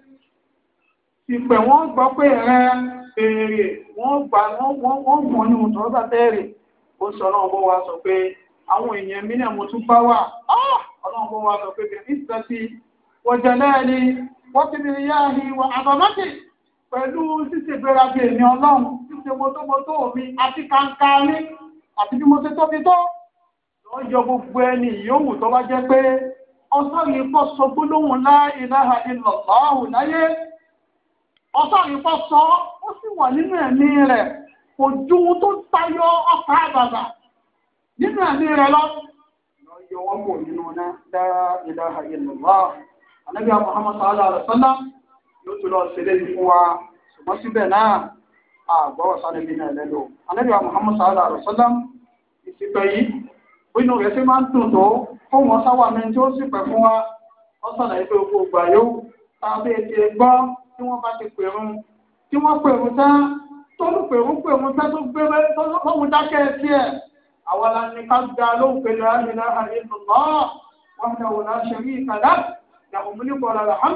ìpè wọ́n gbọ́ pé rẹ èrè wọ́n gbà wọ́n mọ̀ ní ohun tó bá ó sọ ọlọ́run wa sọ pé àwọn èèyàn mi náà mo tún bá wà ọlọ́run wa sọ pé bẹ̀rẹ̀ ìsọtí wọ́n jẹ náà ni wọ́n ti bìrì yá ni wọ́n àbámọ́tì pẹ̀lú ṣíṣe ìgbéraga èmi ọlọ́run ṣíṣe mọ́tòmọ́tò mi àti kàńkà mi àti bí mo ṣe tóbi tó lọ́ọ́ yọ gbogbo ẹni ìyóhùn tó bá jẹ́ pé ọ̀sán yìí pọ̀ sọ gbólóhùn lá ilaha illallah láyé ọ̀sán ìfọ̀ sọ ó sì wà nínú ẹ̀mí rẹ̀ kò ju ohun tó tayọ ọkà àbàbà nínú ẹ̀mí rẹ̀ lọ. lọ́yọ̀ wọn kò nínú náà dára ìdáhà ìlúwà anábíà Muhammad sallallahu alaihi wa sallam yóò tún lọ sílé yìí fún wa ṣùgbọ́n síbẹ̀ náà àgbọ̀wọ̀ sáré bí náà lẹ́lò anábíà Muhammad sallallahu alaihi wa sallam ìsìnkẹ́ yìí bínú rẹ̀ sí máa ń dùn tó fún wọn sáwà mẹ́ni tí ó sì pẹ̀ fún wa ọ̀sán àìpé ogun ògbà yóò tàbí ètè gbọ́ tí wọ́n bá ti pèrún tí wọ́n pèrún tán tó ń pèrún pèrún tán tó gbé lóhun dákẹ́ sí ẹ̀ àwọn aláǹdí ká gba lóhùn pẹ̀lú àmìlá àìlùmọ́ wọn ní òun náà ṣe rí ìkàdá ìyàwó mú nípa ọ̀la hàn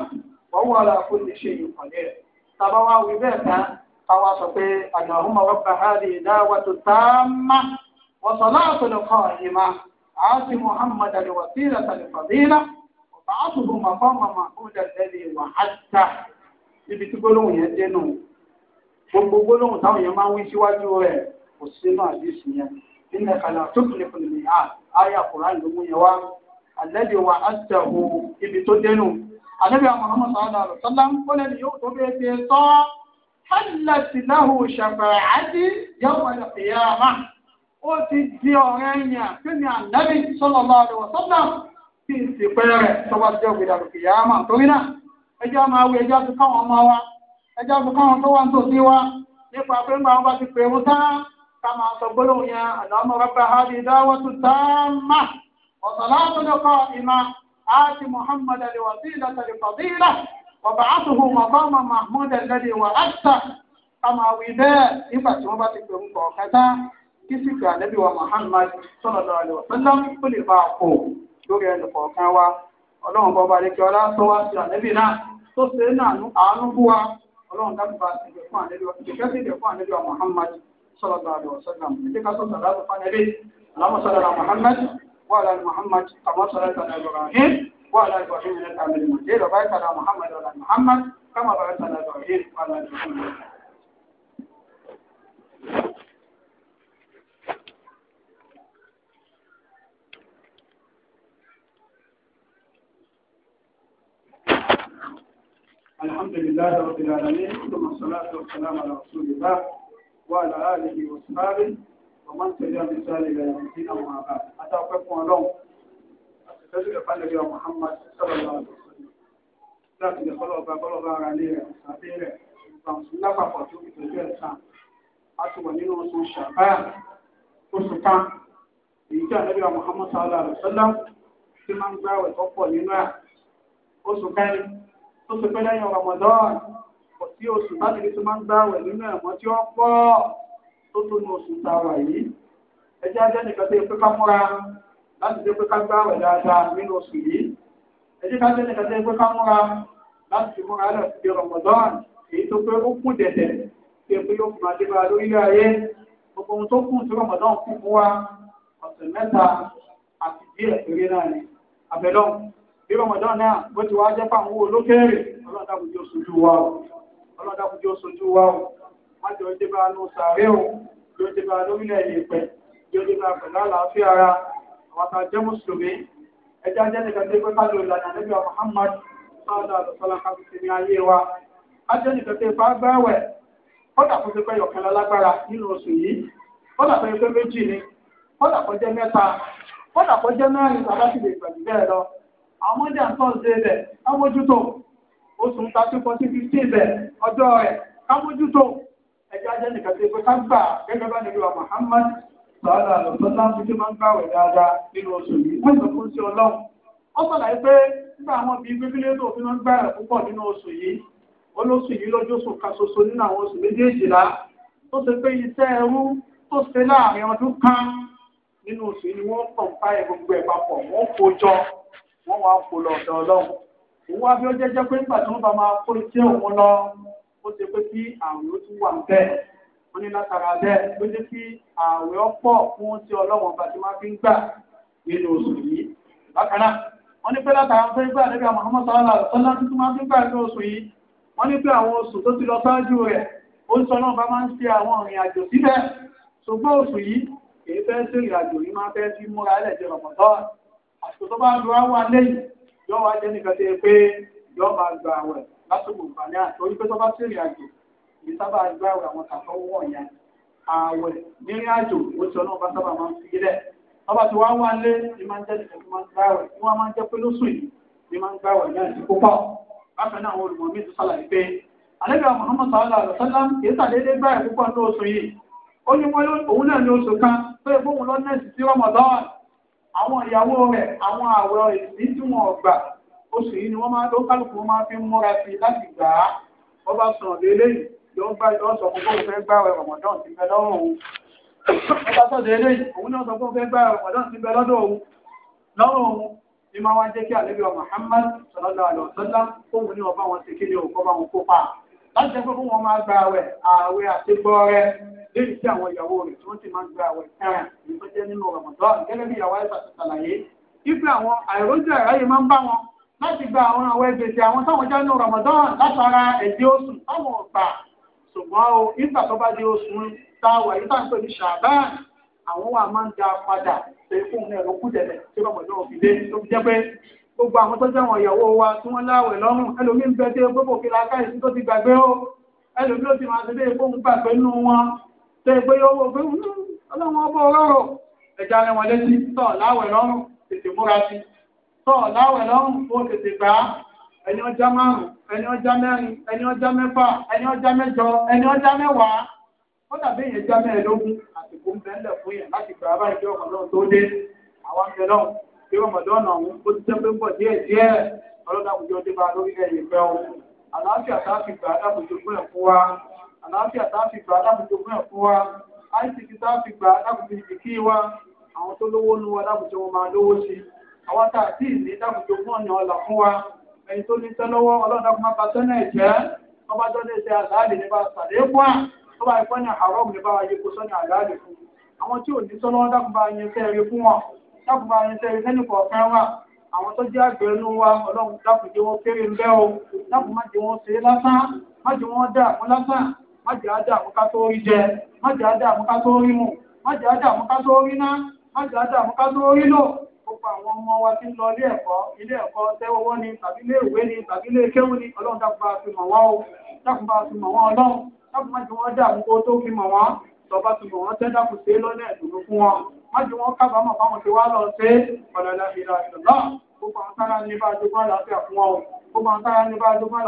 wọ́n wọ́n ọ̀la kó lè ṣe ìkọ̀lẹ́ rẹ̀ tàbá wá wí bẹ́ẹ̀ tán táwa sọ pé àdàhùn máa wọ́n bá hàlì ìdáwà tó tá a má wọ́n sọ láàtọ̀ lọ́kọ̀ ìmá àti muhammad aliwasila tàlifadila ọ̀bá àtúbọ̀ màfọ́ màmá ó dàgbẹ́ lè wà á ta níbi tí gbólóhùn yẹn dé nù gbogbo gbólóhùn táwọn yẹn máa ń wí síwájú rẹ̀ kò sí nínú àdéhùn yẹn nílẹ̀ kalẹ̀ àtúntò lè fún mi à áyà kùrán ló mú yẹn wá àlẹ́dẹ̀ wa á tẹ̀ hu ibi tó dé nù àdébí àwọn ọmọ sọ̀rọ̀ àlọ́ sọ́lá ń kọ́lẹ̀ ni yóò tó bẹ́ẹ̀ ti sọ hálàtì láhù ṣàfàáàtì yàwó àlàfíyàmà ó ti di ẹjọ́ máa wí ẹjọ́ fi káwọn ọmọ wa ẹjọ́ fi káwọn tó wà ń tòsí wa nípa pé ńgbà wọn bá ti pè wọn tán ká máa sọ gbólóhùn yẹn àdámọ́ rábà hábi dáwọ́ tó dáàmà ọ̀sọ̀lá tó lè kọ́ ìmọ̀ àti muhammad aliwasi ìdàtàlẹ̀ fàdílà ọ̀bà àtúhù mọ̀kọ́mọ̀ mahmud ẹ̀lẹ́dẹ̀ wà áṣà ká máa wí bẹ́ẹ̀ nígbà tí wọ́n bá lè kí ọlá tó wá sí ànábì náà tó ṣe náà àánú bú wa ọlọ́run dábò bá ti dẹ̀kún àlejò ìkẹ́ ti dẹ̀kún àlejò Muhammad sallallahu alaihi wasallam ẹ̀jẹ̀ ká sọ̀tà láti fanẹ́lẹ́ alámọ̀sálàlá Muhammad wà láti Muhammad àmọ́sálàlá Ibrahim wà láti Ibrahim ní kàmílì mọ̀jẹ́ lọ́ba ìtàlá wà láti Muhammad الحمد لله رب العالمين ثم الصلاة والسلام على رسول الله وعلى آله وصحبه ومن تبع بسال إلى يوم الدين أما بعد أتوقفكم لهم أتتجد قال يا محمد صلى الله عليه وسلم لا تدخلوا بابلغ عليه وسابيره lápapọ̀ tó fi tẹ̀lé ẹ̀sán a ti wà nínú oṣù ṣàbáà oṣù kan èyí tí ànábìyà Muhammad sallallahu alaihi wa sallam ti máa ń tó ṣe pé lẹ́yìn Ramadan kò sí oṣù láti fi tó máa ń gbààwẹ̀ nínú ẹ̀wọ̀n tí ó pọ̀ tó tó ní oṣù tá a wà yìí ẹjẹ́ ajẹ́ nìkan tó yẹ pé ká múra láti jẹ́ pé ká gbààwẹ̀ dáadáa nínú oṣù yìí ẹjẹ́ ká jẹ́ nìkan tó yẹ pé ká múra láti fi múra lẹ̀ sí Ramadan èyí tó pé ó kún dẹ̀dẹ̀ tó yẹ pé yóò fún adébá lórílẹ̀ ayé gbogbo ohun tó kún sí Ramadan kún fún wa ọ̀sẹ̀ mẹ́ta àti díẹ̀ péré náà ni àbẹ̀lọ́hùn kí rọmọdán náà bó ti wá jẹ́ fáwọn owó lókèèrè ọlọ́dàkùnjẹ́ oṣojú wa o ọlọ́dàkùnjẹ́ oṣojú wa o májọ débà ló sàárẹ̀ o ara àwọn jẹ́ mùsùlùmí ẹjá jẹ́ nìkan pẹ́ ìlànà níbi ní ayé wa a jẹ́ nìkan pa kọ́dà ti pẹ́ yọ̀kẹ́lá lágbára nínú oṣù yìí kọ́dà ti pẹ́ méjì ni kọ́dà àwọn ọmọdé àtọ́sí rẹ̀ kámójútó oṣù ń ta tó kọ ọjọ́ rẹ̀ ẹjọ́ ajẹ́ nìkan ká Muhammad máa ń dáadáa nínú oṣù yìí wọ́n sọ fún sí ọlọ́run ó sọ̀rọ̀ pé nígbà àwọn bíi tó fi máa ń púpọ̀ nínú oṣù yìí olóṣù yìí lọ́jọ́ ṣoṣo nínú àwọn oṣù kan nínú oṣù yìí wọ́n ń pa wọ́n wá kó lọ ọ̀dọ̀ ọlọ́run òun wá bí ó jẹ́jẹ́ pé nígbà tí wọ́n bá máa kó iṣẹ́ òun lọ ó ṣe pé kí àwẹ̀ ó tún wà bẹ́ẹ̀ wọ́n ní látara bẹ́ẹ̀ ló jẹ́ kí àwẹ̀ ọ̀pọ̀ fún ti ọlọ́run ọba tí wọ́n fi ń gbà nínú oṣù yìí bákan náà wọ́n ní pé látara pé gbà níbi àwọn ọmọ sọ́lá sọ́lá tuntun máa fi ń gbà nínú oṣù yìí wọ́n ní pé àwọn oṣù tó ti lọ sáájú rẹ̀ ó ń sọ náà bá máa ń ṣe àwọn ìrìn àjò síbẹ̀ ṣùgbọ́n oṣù yìí kì í fẹ́ ìrìn àjò yìí máa fẹ́ fi múra ẹlẹ́jẹ̀ rọ̀pọ̀tọ́ọ̀ àsìkò tó bá lu àwọn alẹ́yìn yọ wá jẹ́ nìkan tẹ́ pé yọ máa gba àwẹ̀ lásìkò ìgbà náà torí pé tó bá sèrìn àjò kì í sábà gba àwẹ̀ àwọn kàkọ́ wọ̀nyà àwẹ̀ nírìn àjò ó ti ọlọ́run bá sábà máa ń fi lẹ̀ ọba tí wọ́n wá lé ní máa ń jẹ́ nìkan tí wọ́n gba àwẹ̀ tí wọ́n máa ń jẹ́ pé lóṣù yìí ní máa ń gba àwẹ̀ náà sí púpọ̀ bákan náà àwọn olùmọ̀ mi ti sàlàyé pé àlẹ́bí àwọn Muhammad sallallahu alaihi wasallam kì í sàdédé gbáyà púpọ̀ ní oṣù yìí ó ní wọ́n òun náà ní oṣù kan pé fóun lọ́nà sí Ramadan àwọn ìyàwó rẹ̀ àwọn àwẹ̀ ìsìn tí wọ́n gbà oṣù yìí ni wọ́n máa lókàlùkù wọn máa fi ń múra sí i láti gbà á wọ́n bá sọ̀rọ̀ lélẹ́yìn yóò gbá fún fẹ́ rọ̀mọ̀dán ti bẹ lọ́rùn òun wọ́n bá sọ̀rọ̀ lélẹ́yìn òun náà fẹ́ rọ̀mọ̀dán ti bẹ lọ́dọ̀ òun òun ni máa wá jẹ́ léyìí tí àwọn ìyàwó rẹ̀ tí wọ́n ti máa ń gba àwẹ̀ ẹ̀rìn ní tó jẹ́ nínú Ramadan gẹ́gẹ́ bí ìyàwó àìsàn ṣàlàyé wípé àwọn àìrójú àìráyè máa ń bá wọn láti gba àwọn àwẹ̀ gbèsè àwọn táwọn já nínú Ramadan látara ẹ̀dí oṣù táwọn ọ̀gbà ṣùgbọ́n o nígbà tó bá di oṣù táwà yìí táwọn pè ní ṣàbáà àwọn wà máa ń da padà gbogbo àwọn tó jẹ́ ìyàwó wa tí wọ́n láwẹ̀ lọ́rùn ẹlòmíín bẹ́ẹ̀ tí ó gbogbo kí la tó ti gbàgbé ó ẹlòmíín ó ti máa ṣe dé ìfowópamọ́ pẹ̀lú wọn tẹ́ gbé owó gbé hmm, ọlọ́run ọbọ̀ ọlọ́rọ̀ ẹja rẹ̀ wọlé sí tọ̀ láwẹ̀ lọ́rùn tètè múra sí tọ̀ láwẹ̀ lọ́rùn ó tètè gbà á ẹni ọjà márùn ẹni ọjà mẹ́rin ẹni ọjà mẹ́fà ẹni ọjà mẹ́jọ ẹni ọjà mẹ́wàá ó dàbí èèyàn já mẹ́ẹ̀ẹ́dógún àsìkò ń bẹ́ńlẹ̀ fún yẹn láti gbà bá ìjọ ọ̀mọ̀lọ́run tó dé àwọn ọmọ náà pé ọmọdọ́nà ọ̀hún ó ti jẹ́ pé ń bọ̀ díẹ̀ díẹ̀ ọlọ́dàkùnjọ́ dé bá lórílẹ̀ yìí pẹ́ o àlàáfíà tá a fi gbà á dàbòjò fún ẹ̀kú wa àlàáfíà tá a fi gbà lábùjọ fún ẹ̀fún wa icc tá a fi gbà lábùjọ ìdìkí wa àwọn tó lówó nu wa lábùjọ wọn máa lówó sí àwọn tá a ti ní lábùjọ fún ọ̀nà ọ̀là fún wa ẹni tó ní tẹ́ lọ́wọ́ ọlọ́run dákun má bà tẹ́lẹ̀ jẹ́ wọ́n bá jọ́lé iṣẹ́ àlàálì nípa sàlékùá wọ́n bá ìfọ́nà àrọ́ọ̀mù nípa ayéko sọ́nà àlàálì fún àwọn tí ò ní tọ́lọ́wọ́ dákun bá yẹn sẹ́ẹ̀rí fún wọn dákun bá yẹn sẹ́ẹ̀rí sẹ́nì kọ̀ọ̀kan wa àwọn tó jẹ́ àgbẹ̀rún wa ọlọ́run dákun jẹ́ wọn kéré ń bẹ́ o dákun má jẹ́ wọn ṣe lásán má jẹ́ wọn dà mọ́ lásán májè ádà àmúká tó rí jẹ májè ádà àmúká tó rí mu májè ádà àmúká tó rí ná májè ádà àmúká tó rí lò gbogbo àwọn ọmọ wa ti ń lọ ilé ẹ̀kọ́ ilé ẹ̀kọ́ tẹ́wọ́wọ́ ni tàbí ilé ìwé ni tàbí ilé kéwù ni ọlọ́run dákúbá fi mọ̀ wọ́n o dákúbá fi mọ̀ wọ́n ọlọ́run dákúbá ju wọ́n dà àmúkó tó fi mọ̀ wọ́n tọ́ba fi mọ̀ wọ́n tẹ́ dákú sí lọ́nà ìdùnnú fún wọn má ju wọ́n kábàámọ̀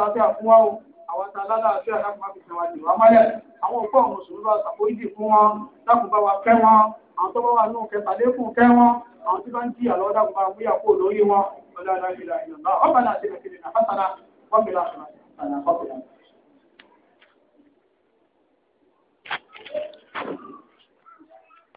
báwọn ti àwọn tá a lálàáfíà láti má fi tẹ̀wá jù wá mọ́lẹ̀ àwọn òkú ọ̀hún sùúrù àtàkóríjì fún wọn dákun bá wa kẹ́ wọn àwọn tó bá wà nù kẹta lẹ́kùn kẹ́ wọn àwọn tí bá ń jìyà lọ́wọ́ dákun bá wọn múyà kó lórí wọn ọlọ́ọ̀lá ìlà ìlànà ọ̀bàdàn àti ìrẹsìlẹ̀ náà fásánà wọ́n fi láṣọ